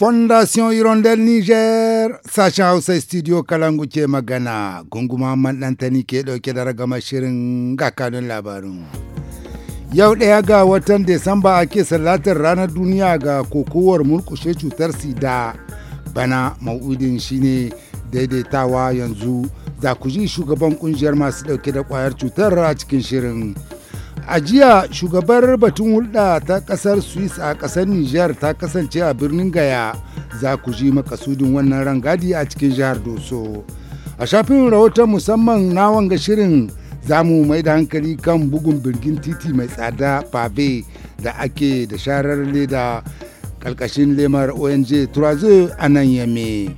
fondation hirondel niger sashen hausa studio kalangu ke magana gunguma ɗantani ke ɗauke da ragama shirin ga kanun labarin yau ɗaya ga watan desamba ake sallatar ranar duniya ga kokowar murkushe cutar sida bana ma'udin shine daidaitawa yanzu da ku ji shugaban kungiyar masu ɗauke da ƙwayar cutar a cikin shirin a jiya shugabar batun hulɗa ta ƙasar swiss a ƙasar niger ta kasance a birnin gaya za ku ji makasudin wannan rangadi a cikin jihar doso a shafin rahoton musamman na wanga shirin za mu mai da hankali kan bugun birgin titi mai tsada pave da ake da sharar leda ƙarƙashin lemar ong trois a nan yame.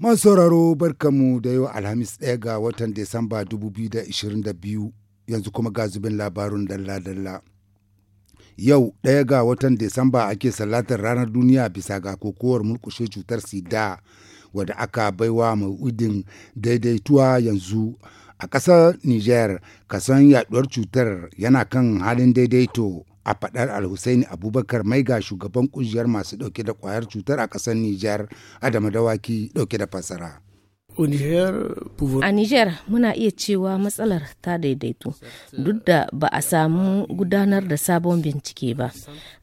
Man sauraro barkamu da yau Alhamis ɗaya ga watan Desamba 2022 yanzu kuma ga zubin labarun dalla-dalla. Yau ɗaya ga watan Desamba ake salatar ranar duniya bisa ga kokowar mulkushe cutar sida wadda aka baiwa ma'udin daidaituwa yanzu a ƙasar Niger kasan yaɗuwar cutar yana kan halin daidaito a fadar alhussaini abubakar mai ga shugaban kungiyar masu dauke da kwayar cutar a kasar nijar adama dawaki dauke da fasara A Nijar muna iya cewa matsalar ta daidaito duk da ba a samu gudanar da sabon bincike ba.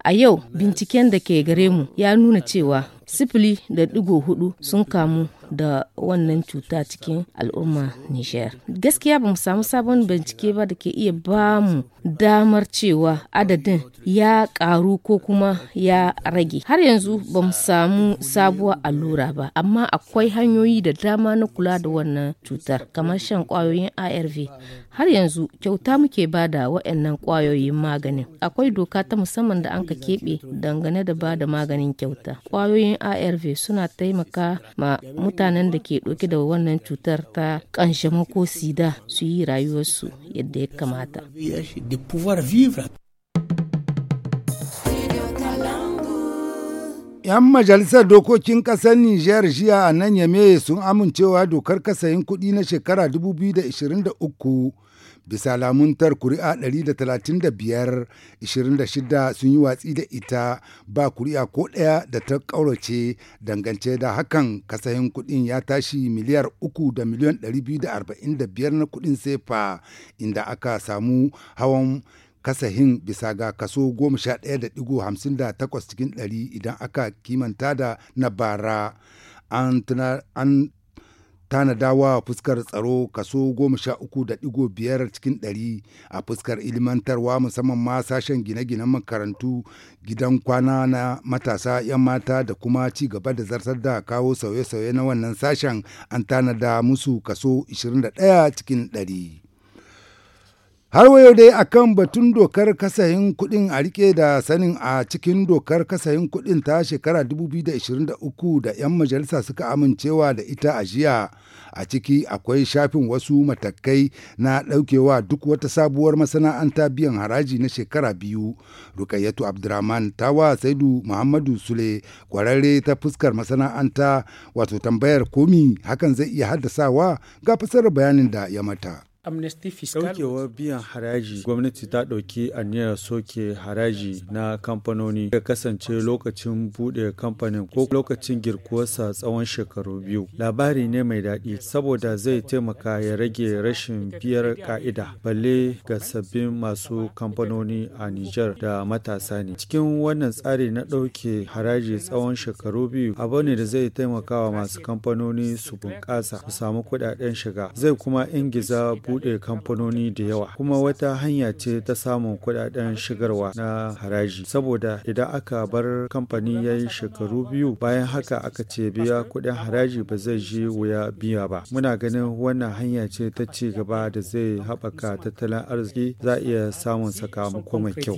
A yau binciken da ke gare mu ya nuna cewa sifili da digo hudu sun kamu da wannan cuta cikin al'umma Nijar. Gaskiya ba mu samu sabon bincike ba da ke iya ba mu damar cewa adadin ya karu ko kuma ya rage. Har yanzu ba mu samu sabuwar allura ba, amma akwai hanyoyi da dama na kula da wannan cutar, kamar shan kwayoyin ARV, har yanzu kyauta muke bada waɗannan kwayoyin maganin akwai doka ta musamman da anka keɓe dangane da ba da maganin kyauta kwayoyin arv suna taimaka ma mutanen da ke ɗauke da wannan cutar ta ƙanshama ko sida su yi rayuwarsu yadda ya kamata ‘Yan majalisar dokokin ƙasar Nijar jiya a nan Yame sun amincewa dokar kasayin kuɗi na shekara 2023 bisa lamuntar kuri'a 135 26 sun yi watsi da ita ba kuri'a ko ɗaya da ta ƙaurace dangance da hakan kasahin kuɗin ya tashi miliyar 3 da miliyan 245 na kuɗin sefa inda aka samu hawan kasahin bisa ga kaso 11.58 cikin 100 idan aka kimanta da na bara an tanadawa fuskar tsaro kaso goma sha uku da digo biyar cikin ɗari a fuskar ilimantarwa musamman ma sashen gine-ginen makarantu gidan kwana na matasa 'yan mata da kuma ci gaba da zartar da kawo sauye-sauye na wannan sashen an tanada musu kaso 21 cikin ɗari. Har wayo dai a kan batun dokar kasayin kuɗin a rike da sanin a cikin dokar kasayin kuɗin ta shekara 2023 da 'yan majalisa suka amincewa da ita a jiya a ciki akwai shafin wasu matakai na ɗaukewa duk wata sabuwar masana'anta biyan haraji na shekara biyu. Rukayyatu Abdurrahman tawa Saidu Muhammadu Sule kwararre ta fuskar masana'anta wato tambayar komi hakan zai iya haddasawa ga fasarar bayanin da ya mata. amnesty fiscal daukewar biyan haraji gwamnati ta ɗauki aniyar soke haraji na kamfanoni ya kasance lokacin buɗe kamfanin ko lokacin girkuwarsa tsawon shekaru biyu labari ne mai daɗi saboda zai taimaka ya rage rashin biyar ka'ida balle ga sabbin masu kamfanoni a niger da matasa ne cikin wannan tsari na ɗauke haraji tsawon shekaru biyu abu ne da zai taimakawa masu kamfanoni su bunƙasa su samu kuɗaɗen shiga zai kuma ingiza bu buɗe kamfanoni da yawa kuma wata hanya ce ta samun kuɗaɗen shigarwa na haraji saboda idan aka bar kamfani ya yi shekaru biyu bayan haka aka ce biya kuɗin haraji ba zai ji wuya biya ba muna ganin wannan hanya ce ta ci gaba da zai haɓaka tattalin arziki za a iya samun sakamako mai kyau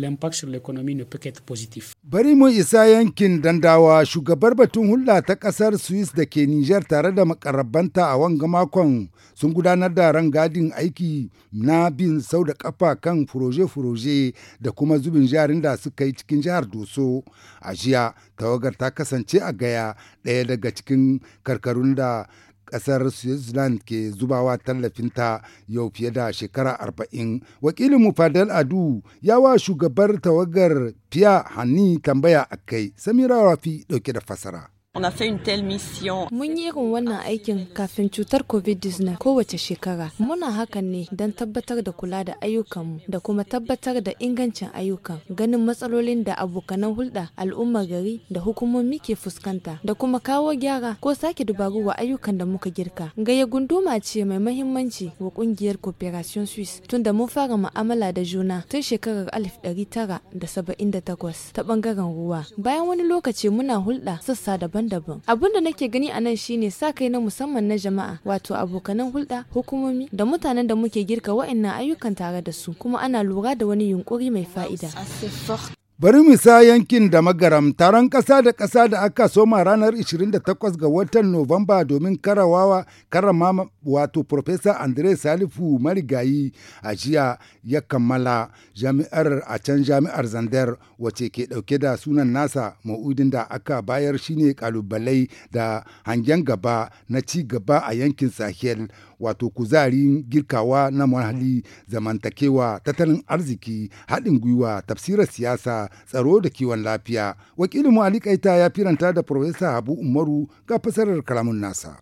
bari mu isa yankin dandawa shugabar batun hulɗa ta ƙasar swiss da ke niger tare da makarabanta a wanga makon sun gudanar da rangadin aiki aiki na bin sau da kafa kan furoje-furoje da kuma zubin jarin da suka yi cikin jihar Doso. A jiya, tawagar ta kasance a gaya ɗaya daga cikin karkarun da kasar switzerland ke zubawa tallafinta yau fiye da shekara arba'in wakilin mu fadal adu ya wa shugabar tawagar fiya hannu tambaya a kai samira rafi dauke da fasara Mun yi irin wannan aikin kafin cutar COVID-19 kowace shekara. Muna hakan ne don tabbatar da kula da ayyukanmu da kuma tabbatar da ingancin ayyukan, ganin matsalolin da abokanan hulɗa, al'ummar gari da hukumomi ke fuskanta, da kuma kawo gyara ko sake dubaru wa ayyukan da muka girka. Gaya gunduma ce mai mahimmanci wa kungiyar Cooperation Swiss da mun fara mu'amala da juna tun shekarar alif tara da da saba'in takwas ta bangaren ruwa. Bayan wani lokaci muna hulɗa sassa daban daban-daban abun da nake gani a nan shine sa kai na musamman na jama'a wato abokanan hulɗa hukumomi da mutanen da muke girka wa'annan ayyukan tare da su kuma ana lura da wani yunkuri mai fa'ida Bari mu sa yankin da magaram taron ƙasa da ƙasa da aka soma ranar 28 ga watan Nuwamba domin karawawa karama wato Profesa Andre Salifu Marigayi a jiya ya kammala jami'ar a can jami'ar Zandar wace ke ɗauke da sunan nasa ma'udin da aka bayar shine kalubalai da hangen gaba na ci gaba a yankin Sahel wato kuzari girkawa na muhalli zamantakewa tattalin arziki haɗin gwiwa tafsirar siyasa tsaro da kiwon lafiya wakilin mu ya firanta da farfesa habu umaru ga fasarar kalamun nasa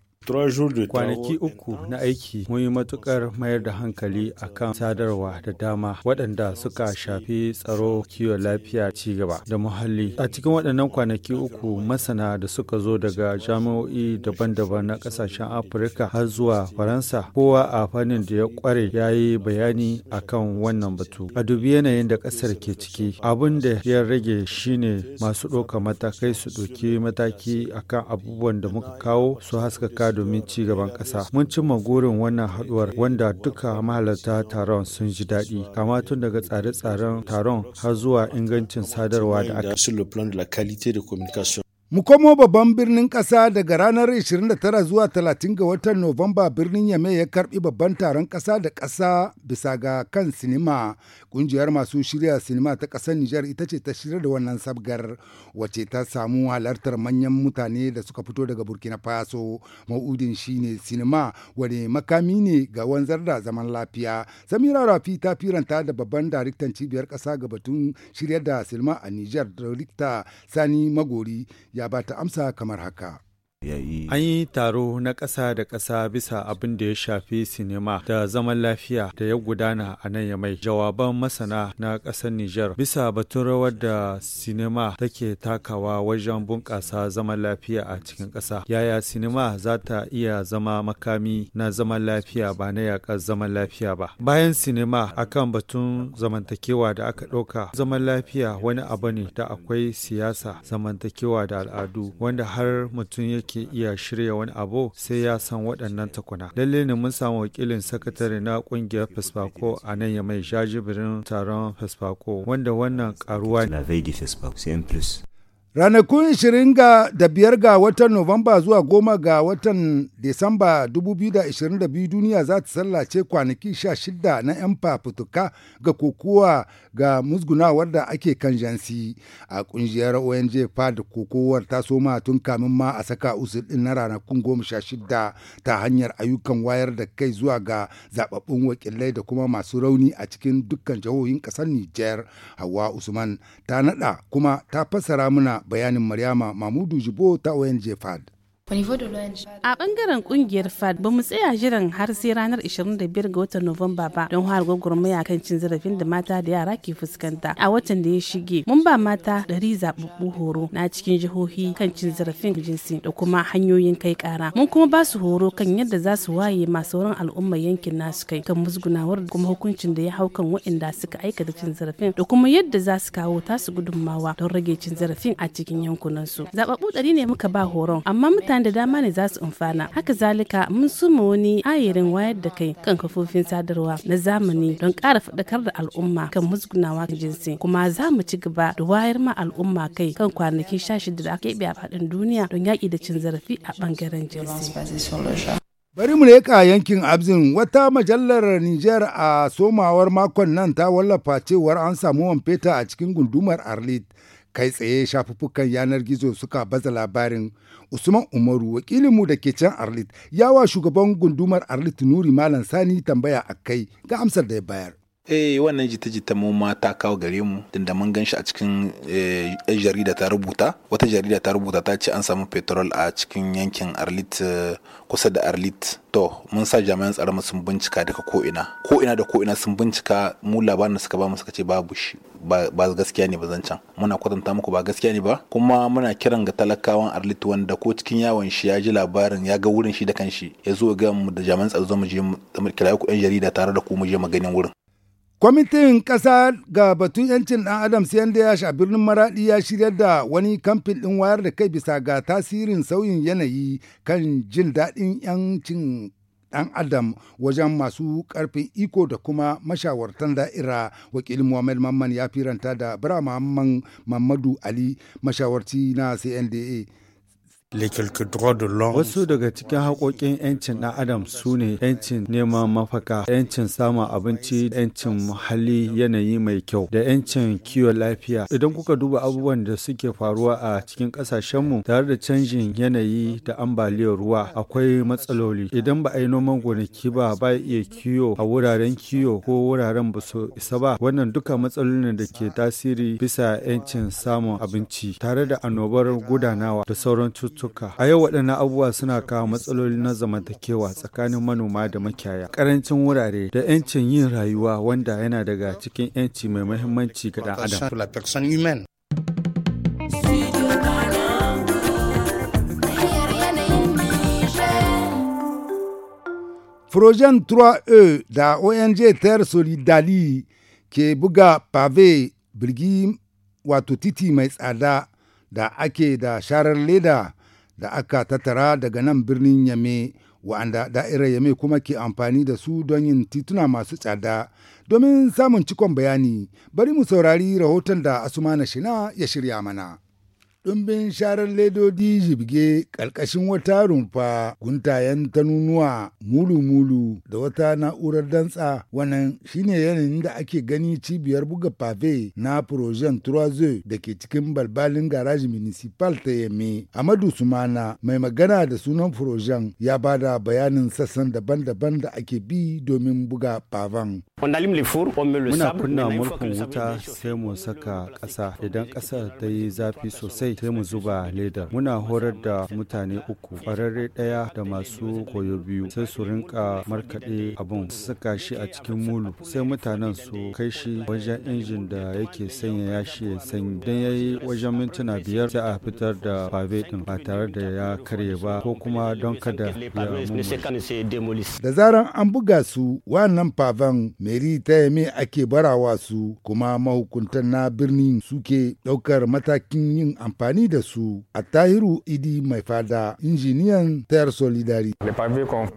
Kwanaki uku na aiki mun yi matukar mayar da hankali akan sadarwa da dama waɗanda suka shafi tsaro kiwon lafiya ci gaba da muhalli. A cikin waɗannan kwanaki uku masana da suka zo daga jami'o'i daban-daban na ƙasashen Afirka har zuwa Faransa kowa a fannin da ya ƙware ya yi bayani kan wannan batu. A dubi yanayin da ƙasar ke ciki abin da ya rage shine masu ɗauka matakai su ɗauki mataki akan abubuwan da muka kawo su haskaka domin ci gaban ƙasa. Mun cimma gurin wannan haɗuwar wanda duka mahalarta taron sun ji daɗi, kama tun daga tsare-tsaren taron har zuwa ingancin sadarwa da aka. Mu komo babban birnin ƙasa daga ranar 29 zuwa 30 ga watan Nuwamba birnin Yame ya karɓi babban taron ƙasa da ƙasa bisa ga kan sinima. Ƙungiyar masu shirya sinima ta ƙasar Nijar ita ce ta shirya da wannan sabgar wace ta samu halartar manyan mutane da suka fito daga Burkina Faso. Ma'udin ne sinima wani makami ne ga wanzar da zaman lafiya. Samira Rafi ta firanta da babban daraktan cibiyar ƙasa ga batun shirya da sinima a Nijar, Rikta Sani Magori ya ba ta amsa kamar haka. An yi taro na ƙasa da ƙasa bisa abin da ya shafi sinima da zaman lafiya da ya gudana a nan ya mai, Jawaban masana na ƙasar Nijar bisa batun rawar da sinima take takawa wajen bunƙasa zaman lafiya a cikin ƙasa. Yaya sinima za ta iya zama makami na zaman lafiya ba na yaƙar zaman lafiya ba. Bayan sinima akan batun zamantakewa da aka ɗauka zaman lafiya wani abu ne da akwai siyasa zamantakewa da al'adu wanda har mutum ya ke iya shirya wani abu sai ya san waɗannan takuna. Lalle ne mun samu wakilin sakatare na ƙungiyar Fesfako a nan ya mai jajibirin taron Fesfako wanda wannan ƙaruwa ne. Ranakun 20 da biyar ga watan Nuwamba zuwa goma ga watan Disamba 2022 duniya za ta sallace kwanaki 16 na 'yan fafutuka ga kokowa ga musgunawar da ake kan jansi a kungiyar ONG FAD kokowar ta soma tun kamin ma a saka usul din na ranakun 16 ta hanyar ayyukan wayar da kai zuwa ga zababbun wakilai da kuma masu rauni a cikin dukkan jihohin kasar Nijar. Hawa Usman ta naɗa kuma ta fassara mana bayanin Maryama Mamudu Jibo ta ONG FAD. A bangaren kungiyar FAD ba mu tsaya jiran har sai ranar 25 ga watan Nuwamba ba don har gwagwarmaya kan cin zarafin da mata da yara ke fuskanta. A watan da ya shige, mun ba mata ɗari zaɓaɓɓu horo na cikin jihohi kan cin zarafin jinsi da kuma hanyoyin kai ƙara. Mun kuma ba su horo kan yadda za su waye masu wurin al'ummar yankin nasu kai kan musgunawar da kuma hukuncin da ya hau kan waɗanda suka aikata cin zarafin da kuma yadda za su kawo tasu gudummawa don rage cin zarafin a cikin yankunansu. Zaɓaɓɓu ɗari ne muka ba horon, amma mutane mutane da dama ne za su amfana haka zalika mun suma wani ayarin wayar da kai kan kafofin sadarwa na zamani don kara faɗakar da al'umma kan musgunawa jinsi kuma za mu ci gaba da wayar ma al'umma kai kan kwanaki shida da aka yi a faɗin duniya don yaƙi da cin zarafi a ɓangaren jinsi. Bari mu leƙa yankin Abzin wata majallar Nijar a somawar makon nan ta wallafa cewar an samu man a cikin gundumar Arlit kai tsaye shafuffukan yanar gizo suka baza labarin usman umaru wakilin mu da ke can arlit yawa shugaban gundumar arlit nuri malam sani tambaya a kai ga amsar da ya bayar eh wannan jita-jita mu ma ta kawo gare mu da mun gan shi a cikin eh, yan jarida ta rubuta wata jarida ta rubuta ta ce an samu petrol a cikin yankin arlit eh, kusa da arlit to mun sa jami'an mu sun bincika daga ko'ina ko'ina da ko'ina sun bincika mu labarin suka ba mu suka ce babu shi ba gaskiya ne ba zancan muna kwatanta muku ba gaskiya ne ba kuma muna kiran ga talakawan arlit wanda ko cikin yawon shi ya ji labarin ya ga wurin shi da kanshi ya zo ga mu da jami'an tsaro zo mu je mu kira ku yan jarida tare da ku mu je mu ganin wurin kwamitin ƙasa ga batun 'yancin ɗan adam sai da ya sha birnin maraɗi ya shirya da wani kamfin ɗin wayar da kai bisa ga tasirin sauyin yanayi kan jin daɗin 'yancin ɗan adam wajen masu ƙarfin iko da kuma mashawartan da'ira wakilin muhammad mamman ya firanta da bra mamman mamadu ali mashawarci na cnda Wasu daga cikin haƙoƙin 'yancin ɗan adam su ne 'yancin neman mafaka, 'yancin samun abinci, 'yancin muhalli yanayi mai kyau, da 'yancin kiwon lafiya. Idan kuka duba abubuwan da suke faruwa a cikin ƙasashenmu tare da canjin yanayi da ambaliyar ruwa akwai matsaloli. Idan ba a yi noman gonaki ba ba iya kiwo a wuraren kiwo ko wuraren ba su isa ba wannan duka matsalolin da ke tasiri bisa 'yancin samun abinci tare da annobar gudanawa da sauran cutu. cututtuka. A yau waɗannan abubuwa suna kawo matsaloli na zamantakewa tsakanin manoma da makiyaya, karancin wurare da 'yancin yin rayuwa wanda yana daga cikin 'yanci mai muhimmanci ga ɗan adam. Projen 3E da ONG Ter Solidali ke buga pave birgi wato titi mai tsada da ake da sharar leda da aka tattara daga nan birnin Yame wa'anda da'irar Yame kuma ke amfani da su don yin tituna masu tsada. Domin samun cikon bayani, bari mu saurari rahoton da Asumana Shina ya shirya mana. ɗumbin sharar ledodi zibge ƙarƙashin wata rumfa guntayen nunuwa mulu-mulu da wata na'urar dantsa wannan shine yanayin da ake gani cibiyar buga pave na projen troise da ke cikin balbalin garaji municipal ta yamme amadu sumana mai magana da sunan projen ya bada bayanin sassan daban-daban da ake bi domin buga pavan. muna kunna murhun wuta sai mu saka ƙasa idan ƙasa ta yi zafi sosai sai mu zuba leda. muna horar da mutane uku ƙwararre ɗaya da masu koyo biyu sai su rinka markaɗe abun saka shi a cikin mulu sai mutanen su kai shi wajen injin da yake sanya ya shi ya sanyi don ya yi wajen mintuna biyar sai a fitar da fabe ɗin ba tare da ya karye ba ko kuma don kada ya da zaran an buga su wannan faven meri ta yame ake barawa su kuma mahukuntan na birnin suke ɗaukar matakin yin amfani amfani da su. a tahiru Idi mai fada injiniyan tayar Solidari.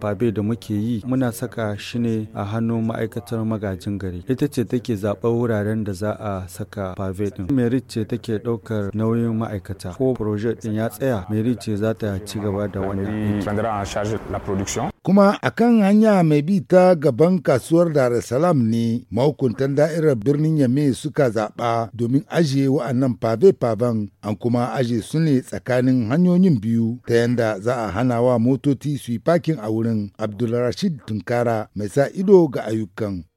Fabe da muke yi muna saka shi ne a hannun ma'aikatar magajin gari. Ita ce take zaɓar wuraren da za a saka pave ɗin. Merit ce take ɗaukar nauyin ma'aikata. Ko projet ɗin ya tsaya, Merit ce za ta ci gaba da wannan Kuma a kan hanya mai bi ta gaban kasuwar Dar es Salaam ne mahukuntan da'irar birnin Yame suka zaɓa domin ajiye wa'annan pave-paven an kuma kuma aji su ne tsakanin hanyoyin biyu ta yanda za a hana wa motoci su yi a wurin Abdulrashid Tunkara mai sa ido ga ayyukan.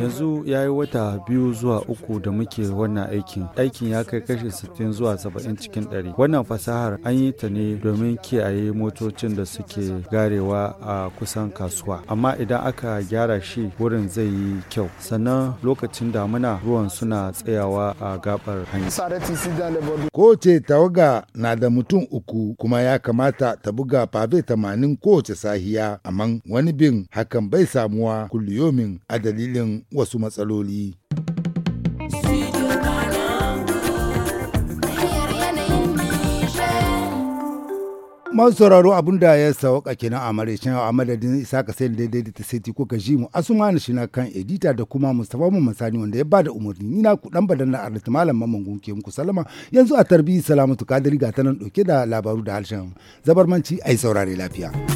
yanzu ya yi wata biyu zuwa uku da muke wannan aikin aikin ya kai kashi 60 zuwa 70 cikin 100 wannan fasahar an yi ta ne domin kiyaye motocin da suke garewa a kusan kasuwa amma idan aka gyara shi wurin zai yi kyau sannan lokacin damuna ruwan suna tsayawa a gabar hanya kowace tawaga na da mutum uku kuma ya kamata ta buga fafe 80 kowace sahiya amma wani bin hakan bai samuwa kulliyomin a dalilin wasu matsaloli. masu sauraro abin da ya sauka kenan a maraicin a madadin isaka sai da daidai ta sai ko ka ji mu asuma shi na kan edita da kuma mustapha mu masani wanda ya bada umarni ni na ku dan badan na arziki malam mamman gunke muku salama yanzu a tarbi salamatu kadiri ga tanan dauke da labaru da harshen zabarmanci ai saurare lafiya.